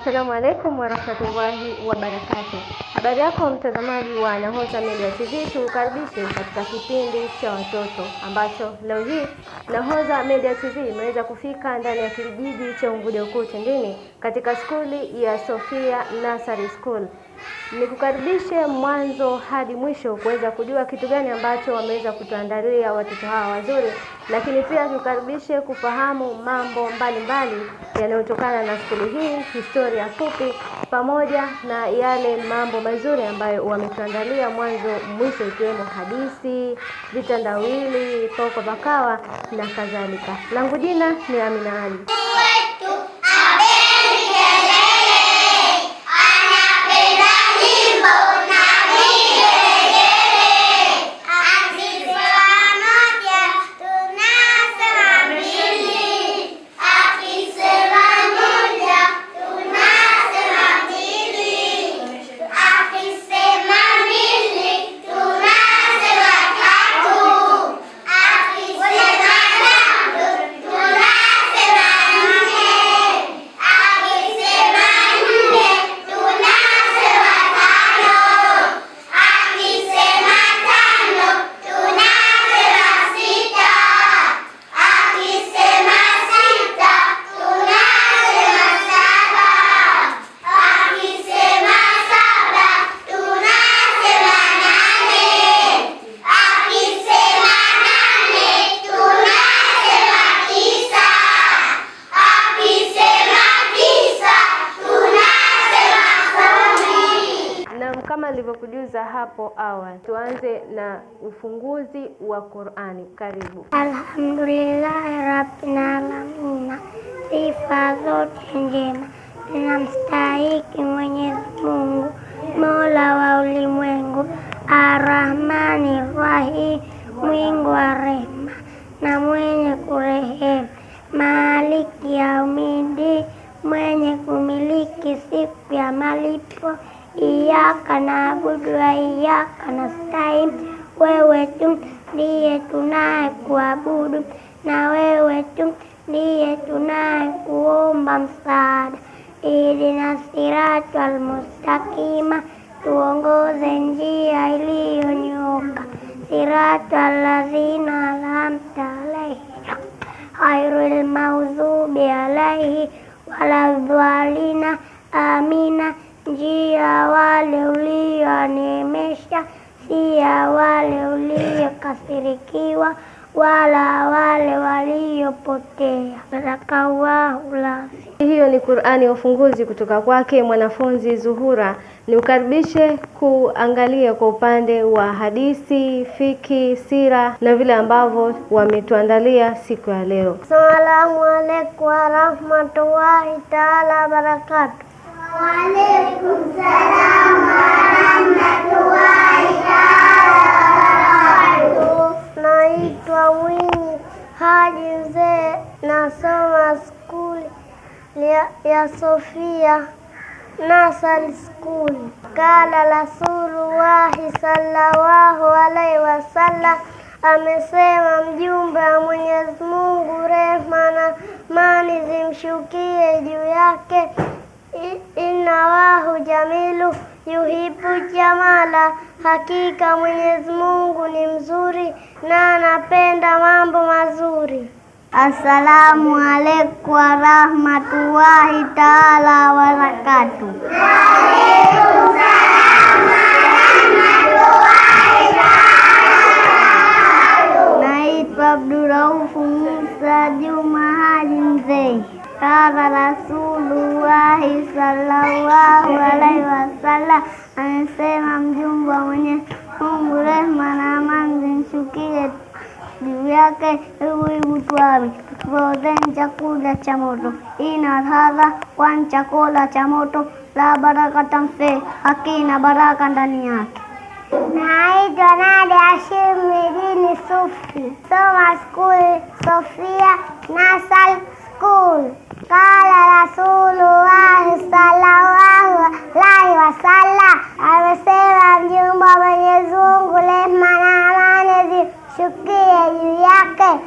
Asalamu alaikum warahmatullahi wabarakatuh. Habari yako mtazamaji wa Nahodha Media TV, tukukaribishe katika kipindi cha watoto ambacho leo hii Nahodha Media TV imeweza kufika ndani ya kijiji cha Unguja Ukuu Tindini katika skuli ya Sofia Nursery School Nikukaribishe mwanzo hadi mwisho kuweza kujua kitu gani ambacho wameweza kutuandalia watoto hawa wazuri, lakini pia nikukaribishe kufahamu mambo mbalimbali yanayotokana na skuli hii, historia fupi, pamoja na yale mambo mazuri ambayo wametuandalia mwanzo mwisho, ikiwemo hadithi, vitandawili, poko pakawa na kadhalika. Langu jina ni Amina Ali. Kama nilivyokujuza hapo awali, tuanze na ufunguzi wa Qur'ani. Karibu. Alhamdulillahi rabbil alamin, sifa zote njema zinamstahiki Mwenyezi Mungu, mola wa ulimwengu, arrahmani rahim, mwingi wa rehema na mwenye kurehemu, maliki yaumidi, mwenye kumiliki siku ya malipo Iyaka naabudu wa iyaka nasta'in, wewe tu ndiye tunaye kuabudu na wewe tu ndiye tunaye kuomba msaada. na siratu almustakima tuongoze njia iliyonyoka siratu alladhina an'amta alayhim ghairil maghdubi alayhi waladhdallina amina njia wale ulioneemesha, si ya wale uliokasirikiwa, wala wale waliopotea. Barakallahu ulazi. Hiyo ni Qur'ani ya ufunguzi kutoka kwake mwanafunzi Zuhura. ni ukaribishe kuangalia kwa upande wa hadithi, fiki, sira na vile ambavyo wametuandalia siku ya leo. Asalamu alaykum warahmatullahi taala wabarakatu. Naitwa Winnie Haji Mzee, nasoma skuli ya, Sofia Nasari Skuli. Kala Rasulullahi sallallahu alaihi wasallam amesema, mjumbe wa Mwenyezi Mungu, rehma na amani zimshukie juu yake nawahu jamilu yuhibu jamala, hakika Mwenyezi Mungu ni mzuri na anapenda mambo mazuri. Assalamu alaikum warahmatullahi taala wabarakatuh. Anse mamjum baunya Mungure manaman dinsuki Diwiyake Iwi butuami Roden chakula chamoto Ina dhada Kwan chakula chamoto La barakatam se Akina barakandaniake معي جنادي عشير مدينة صوفي ثم سكول صوفيا ناس سكول قال رسول الله صلى الله sala amesema mjumbe wa Mwenyezi Mungu, rehma na amani zishukie juu yake.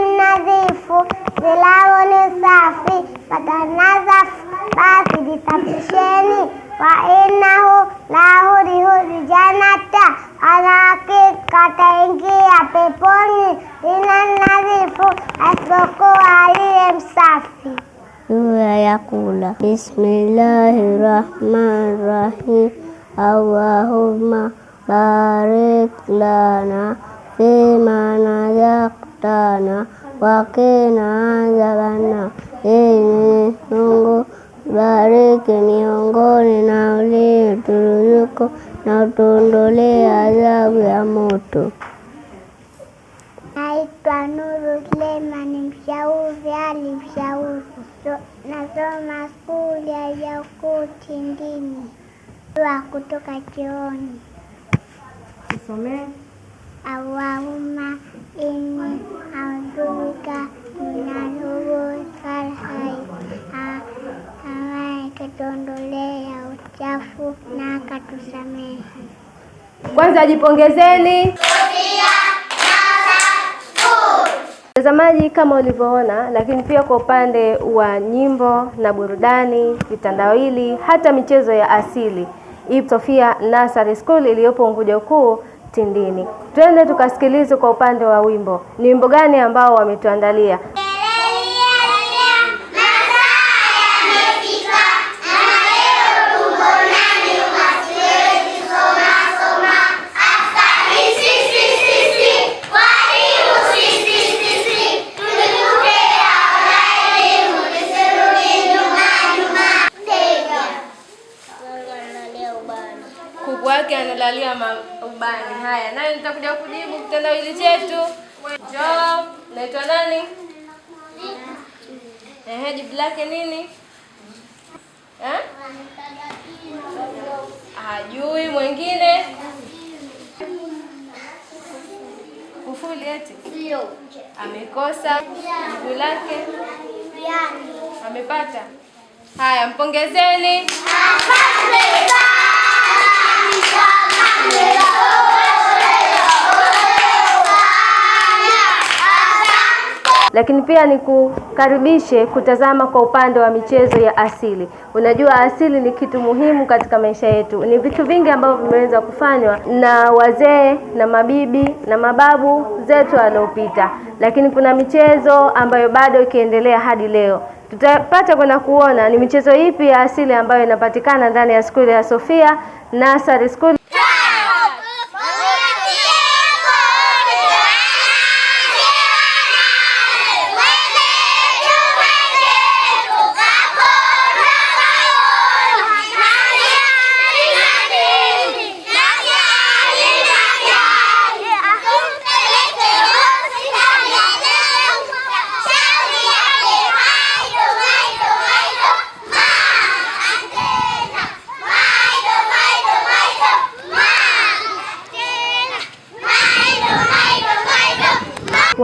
ni nadhifu, silamu ni safi, fatanadhafu, basi jisafisheni. Wa innahu lahudihudi janata, anahakika ataingia peponi. Ina nadhifu, asipokuwa aliye msafi jua ya yakula. Bismillahi rahmani rahim. Allahumma barik lana fima razaqtana wakina adhabanna. Ini Mungu bariki miongoni na ulioturuzuku na utuondolee adhabu ya moto. Naitwa Nuru Suleiman, mshauri alimshauri Nasoma skuli ya Yakuti ndini wa kutoka chooni. Usomee awahuma ini audhuika minaluukalhai amaye katondolea uchafu na katusamehe Kwanza jipongezeni. Mtazamaji, kama ulivyoona, lakini pia kwa upande wa nyimbo na burudani, vitandawili, hata michezo ya asili ipo Sofia Nursery School iliyopo Unguja kuu Tindini. Twende tukasikilize kwa upande wa wimbo, ni wimbo gani ambao wametuandalia. tutakuja kujibu kitendawili chetu. Njoo, naitwa nani? Ehe, jibu lake nini? Eh? Hajui. Mwingine kufuli eti amekosa. Jibu lake amepata. Haya, mpongezeni. Lakini pia nikukaribishe kutazama kwa upande wa michezo ya asili. Unajua, asili ni kitu muhimu katika maisha yetu. Ni vitu vingi ambavyo vimeweza kufanywa na wazee na mabibi na mababu zetu waliopita, lakini kuna michezo ambayo bado ikiendelea hadi leo. Tutapata kwenda kuona ni michezo ipi ya asili ambayo inapatikana ndani ya skuli ya Sofia Nursery School.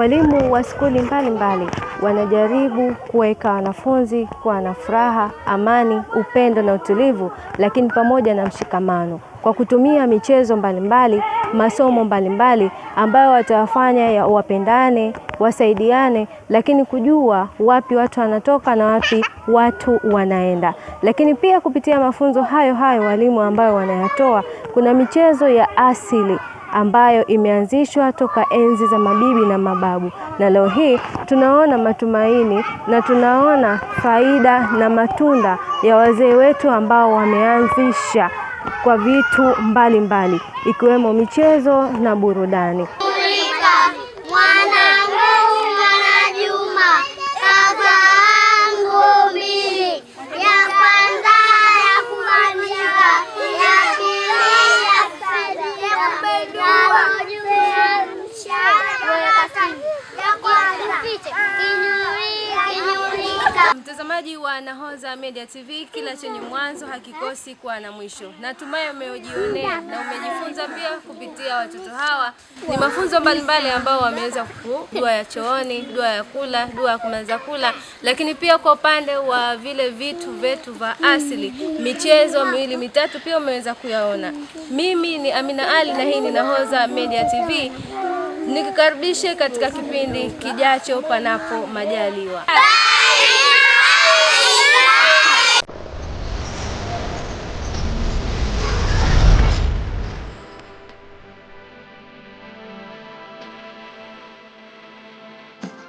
Walimu wa skuli mbalimbali wanajaribu kuweka wanafunzi kuwa na furaha, amani, upendo na utulivu, lakini pamoja na mshikamano kwa kutumia michezo mbalimbali mbali, masomo mbalimbali mbali, ambayo watawafanya wapendane, wasaidiane, lakini kujua wapi watu wanatoka na wapi watu wanaenda. Lakini pia kupitia mafunzo hayo hayo walimu ambayo wanayatoa, kuna michezo ya asili ambayo imeanzishwa toka enzi za mabibi na mababu, na leo hii tunaona matumaini na tunaona faida na matunda ya wazee wetu ambao wameanzisha kwa vitu mbalimbali mbali, ikiwemo michezo na burudani. Media TV, kila chenye mwanzo hakikosi kuwa na mwisho. Natumai umejionea na umejifunza pia kupitia watoto hawa, ni mafunzo mbalimbali ambao wameweza ku dua ya chooni, dua ya kula, dua ya kumaliza kula, lakini pia kwa upande wa vile vitu vyetu vya asili, michezo miwili mitatu pia umeweza kuyaona. Mimi ni Amina Ali na hii ni Nahodha Media TV. Nikukaribishe katika kipindi kijacho panapo majaliwa.